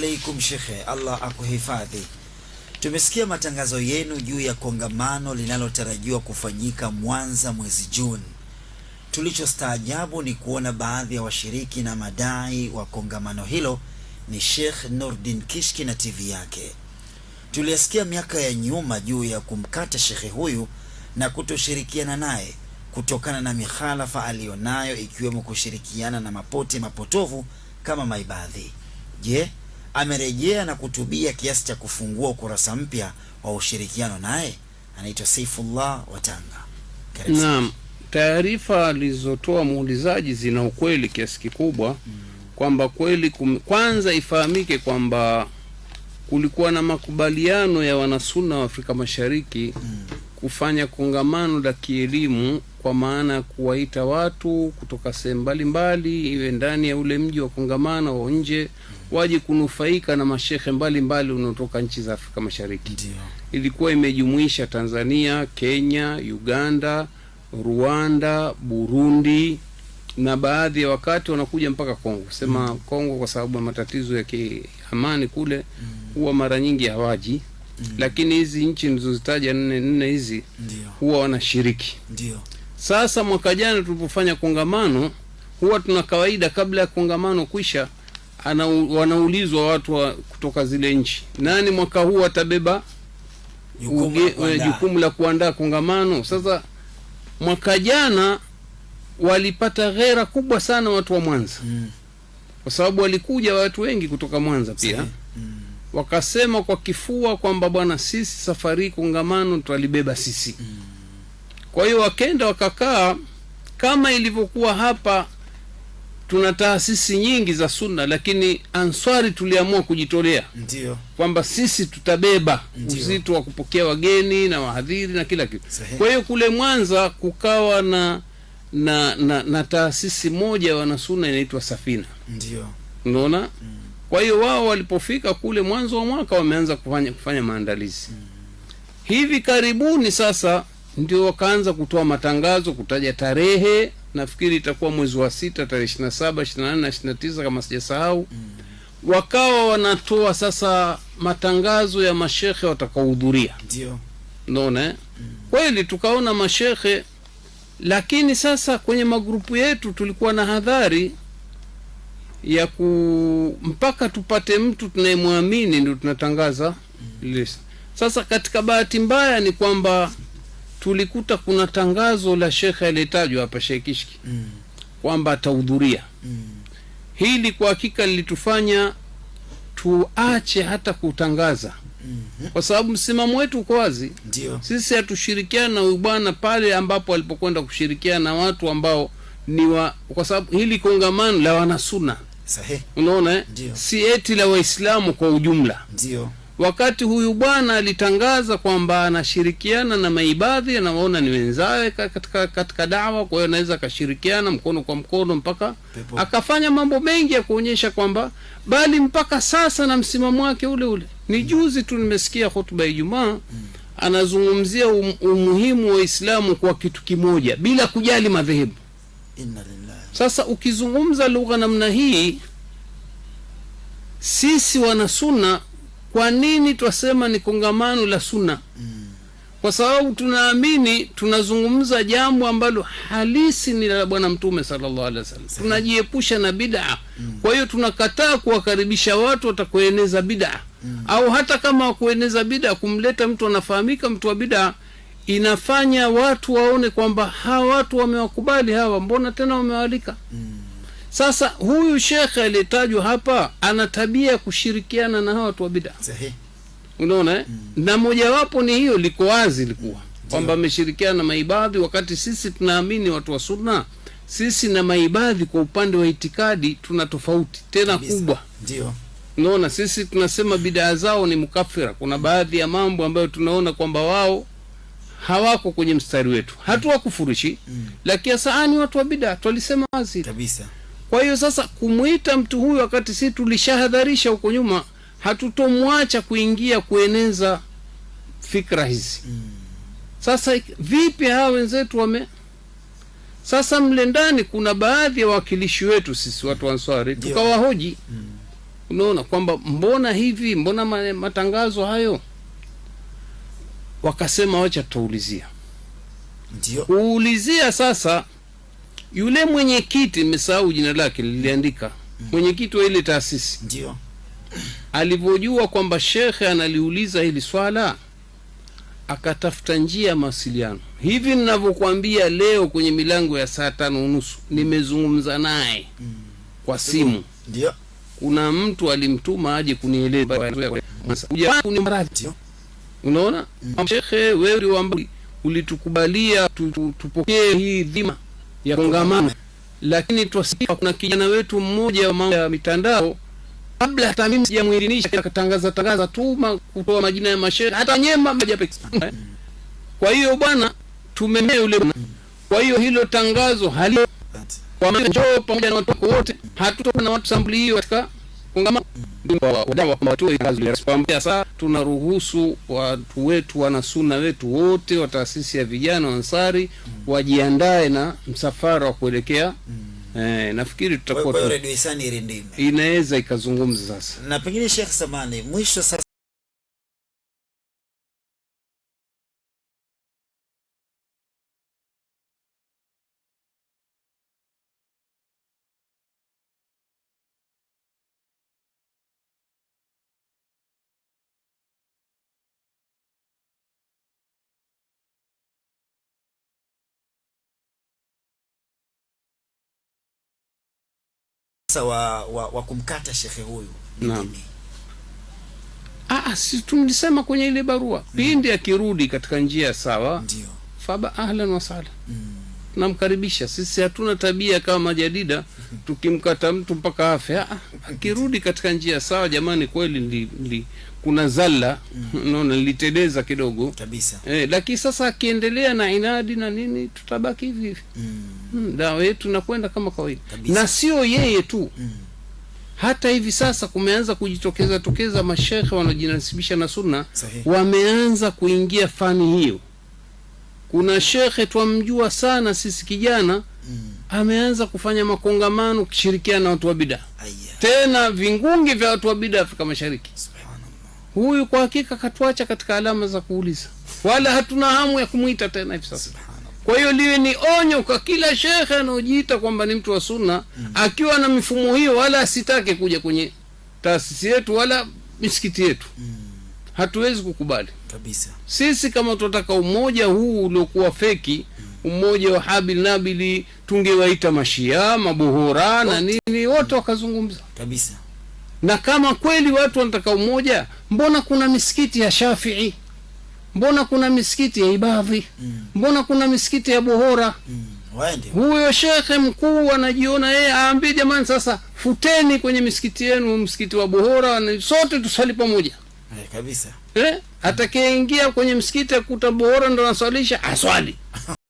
alaikum shekhe, Allah akuhifadhi. Tumesikia matangazo yenu juu ya kongamano linalotarajiwa kufanyika Mwanza mwezi Juni. Tulichostaajabu ni kuona baadhi ya washiriki na madai wa kongamano hilo ni Sheikh Nurdin Kishki na TV yake. Tuliyasikia miaka ya nyuma juu ya kumkata shekhe huyu na kutoshirikiana naye kutokana na mikhalafa aliyonayo ikiwemo kushirikiana na mapote mapotovu kama maibadhi. Je, amerejea na kutubia kiasi cha kufungua ukurasa mpya wa ushirikiano naye. Anaitwa Saifullah wa Tanga. Naam, taarifa alizotoa muulizaji zina ukweli kiasi kikubwa hmm. kwamba kweli kum, kwanza ifahamike kwamba kulikuwa na makubaliano ya wanasuna wa Afrika Mashariki mm, kufanya kongamano la kielimu kwa maana ya kuwaita watu kutoka sehemu mbalimbali, iwe ndani ya ule mji wa kongamano au nje mm waje kunufaika na mashehe mbalimbali unaotoka nchi za Afrika Mashariki. Dio. Ilikuwa imejumuisha Tanzania, Kenya, Uganda, Rwanda, Burundi na baadhi ya wakati wanakuja mpaka Kongo sema mm. Kongo kwa sababu ya matatizo ya kiamani kule mm. huwa mm. mara nyingi hawaji mm. lakini hizi nchi nilizozitaja nne nne hizi huwa wanashiriki. Dio. Sasa mwaka jana tulipofanya kongamano, huwa tuna kawaida kabla ya kongamano kuisha ana, wanaulizwa watu wa kutoka zile nchi, nani mwaka huu atabeba jukumu la kuandaa kongamano. Sasa mwaka jana walipata ghera kubwa sana watu wa Mwanza mm. kwa sababu walikuja watu wengi kutoka Mwanza pia mm. wakasema kwa kifua kwamba bwana, sisi safari kongamano tutalibeba sisi mm. kwa hiyo wakenda wakakaa kama ilivyokuwa hapa tuna taasisi nyingi za sunna, lakini Answari tuliamua kujitolea, ndio kwamba sisi tutabeba uzito wa kupokea wageni na wahadhiri na kila kitu. Kwa hiyo kule Mwanza kukawa na na na, na taasisi moja wanasunna inaitwa Safina, ndio unaona mm. Kwa hiyo wao walipofika kule mwanzo wa mwaka wameanza kufanya kufanya maandalizi mm. Hivi karibuni sasa ndio wakaanza kutoa matangazo, kutaja tarehe nafikiri itakuwa mwezi wa sita tarehe ishirini na saba ishirini na nane na ishirini na tisa kama sijasahau mm. Wakawa wanatoa sasa matangazo ya mashekhe watakaohudhuria, naona eh? mm. Kweli tukaona mashekhe, lakini sasa kwenye magrupu yetu tulikuwa na hadhari ya ku mpaka tupate mtu tunayemwamini ndio tunatangaza mm. Sasa katika bahati mbaya ni kwamba tulikuta kuna tangazo la shekhe aliyetajwa hapa shehe Kishki mm. kwamba atahudhuria mm. Hili kwa hakika lilitufanya tuache hata kutangaza mm. kwa sababu msimamo wetu uko wazi. Sisi hatushirikiana na huyu bwana pale ambapo alipokwenda kushirikiana na watu ambao ni wa, kwa sababu hili kongamano la wanasuna, unaona eh, si eti la Waislamu kwa ujumla, Wakati huyu bwana alitangaza kwamba anashirikiana na maibadhi, anawaona ni wenzawe katika, katika dawa. Kwa hiyo anaweza akashirikiana mkono kwa mkono mpaka Pepo. Akafanya mambo mengi ya kuonyesha kwamba bali mpaka sasa na msimamo wake ule ule. Ni mm. juzi tu nimesikia hotuba ya Ijumaa mm. anazungumzia um, umuhimu wa Uislamu kwa kitu kimoja bila kujali madhehebu. Sasa ukizungumza lugha namna hii, sisi wana kwa nini twasema ni kongamano la Sunna? mm. Kwa sababu tunaamini tunazungumza jambo ambalo halisi ni la Bwana Mtume sallallahu alaihi wasallam. Tunajiepusha na bid'a mm. Kwa hiyo tunakataa kuwakaribisha watu watakueneza bid'a mm. au hata kama wakueneza bid'a, kumleta mtu anafahamika, mtu wa bid'a inafanya watu waone kwamba hawa watu wamewakubali hawa, mbona tena wamewalika? mm. Sasa huyu shekhe aliyetajwa hapa ana tabia ya kushirikiana na hawa watu wa bid'a, unaona eh? mm. na mojawapo ni hiyo, liko wazi likuwa mm. kwamba ameshirikiana na maibadhi, wakati sisi tunaamini watu wa sunna sisi na maibadhi kwa upande wa itikadi tuna tofauti tena Mbisa. kubwa ndio unaona, sisi tunasema bidaa zao ni mkafira. Kuna baadhi ya mambo ambayo tunaona kwamba wao hawako kwenye mstari wetu, mm. hatuwakufurishi mm. lakini saani ah, watu wa bidaa twalisema wazi kabisa. Kwa hiyo sasa kumwita mtu huyu wakati si tulishahadharisha huko nyuma, hatutomwacha kuingia kueneza fikra hizi. Mm. Sasa vipi hawa wenzetu wame sasa mle ndani kuna baadhi ya wawakilishi wetu sisi watu wa Answari tukawahoji, mm. unaona kwamba mbona hivi, mbona matangazo hayo? Wakasema wacha tutaulizia. Ndio kuulizia sasa yule mwenyekiti, mmesahau jina lake, liliandika mwenyekiti wa ile taasisi, ndio alivyojua kwamba shekhe analiuliza hili swala, akatafuta njia ya mawasiliano. Hivi ninavyokuambia leo kwenye milango ya saa tano unusu nimezungumza naye mm. kwa simu ndio. Kuna mtu alimtuma aje kunieleza, unaona mm. Shekhe wewe ulitukubalia tupokee hii dhima ya kongamano, lakini twasikia kuna kijana wetu mmoja wa mambo ya mitandao, kabla hata mimi sijamwidhinisha akatangaza tangaza tu kutoa majina ya mashehe, hata nyema moja pekee. Mm. Kwa hiyo bwana, tumemee yule bwana. Kwa hiyo hilo tangazo hali kwa maana pamoja na watu wote, hatutokuwa na watu sambuli hiyo katika kongamano wadau kwamba watoe tangazo la rais kwamba sasa tunaruhusu watu wetu wana sunna wetu wote wa taasisi ya vijana wa Ansari wajiandae na msafara wa kuelekea mm. Eh, nafikiri tutakuwa inaweza ikazungumza sasa na pengine Sheikh Samani mwisho sasa sasa wa, wa, wa kumkata shekhe huyu naam. Ah, ah, si tumlisema kwenye ile barua pindi akirudi katika njia sawa, ndio faba ahlan wa wasahlan mm namkaribisha Sisi hatuna tabia kama majadida tukimkata mtu mpaka afe. Ah, akirudi katika njia sawa, jamani, kweli li, li, kuna zalla naona mm. liliteleza kidogo eh, lakini sasa akiendelea na inadi na nini, tutabaki hivi hivi mm. mm, dawa yetu nakwenda kama kawaida, na sio yeye tu mm. Hata hivi sasa kumeanza kujitokeza tokeza mashekhe wanaojinasibisha na sunna, wameanza kuingia fani hiyo kuna shekhe twamjua sana sisi kijana mm. ameanza kufanya makongamano kushirikiana na watu wa bidaa tena vingungi vya watu wa bidaa Afrika Mashariki. Huyu kwa hakika katuacha katika alama za kuuliza, wala hatuna hamu ya kumwita tena hivi sasa. Kwa hiyo liwe ni onyo kwa kila shekhe anaojiita kwamba ni mtu wa sunna mm. akiwa na mifumo hiyo, wala asitake kuja kwenye taasisi yetu wala misikiti yetu mm hatuwezi kukubali kabisa. Sisi kama tunataka umoja huu uliokuwa feki umoja wa Habil Nabili, tungewaita Mashia, mabohora na nini, wote wakazungumza kabisa. Na kama kweli watu wanataka umoja, mbona kuna misikiti ya Shafii? Mbona kuna misikiti ya Ibadhi? Mm. Mbona kuna misikiti ya Bohora? Mm. Huyo shekhe mkuu anajiona yeye, aambie jamani, sasa futeni kwenye misikiti yenu, msikiti wa Bohora, sote tusali pamoja. Hai, eh, kabisa eh, kwenye msikiti akuta bohora ndo anaswalisha aswali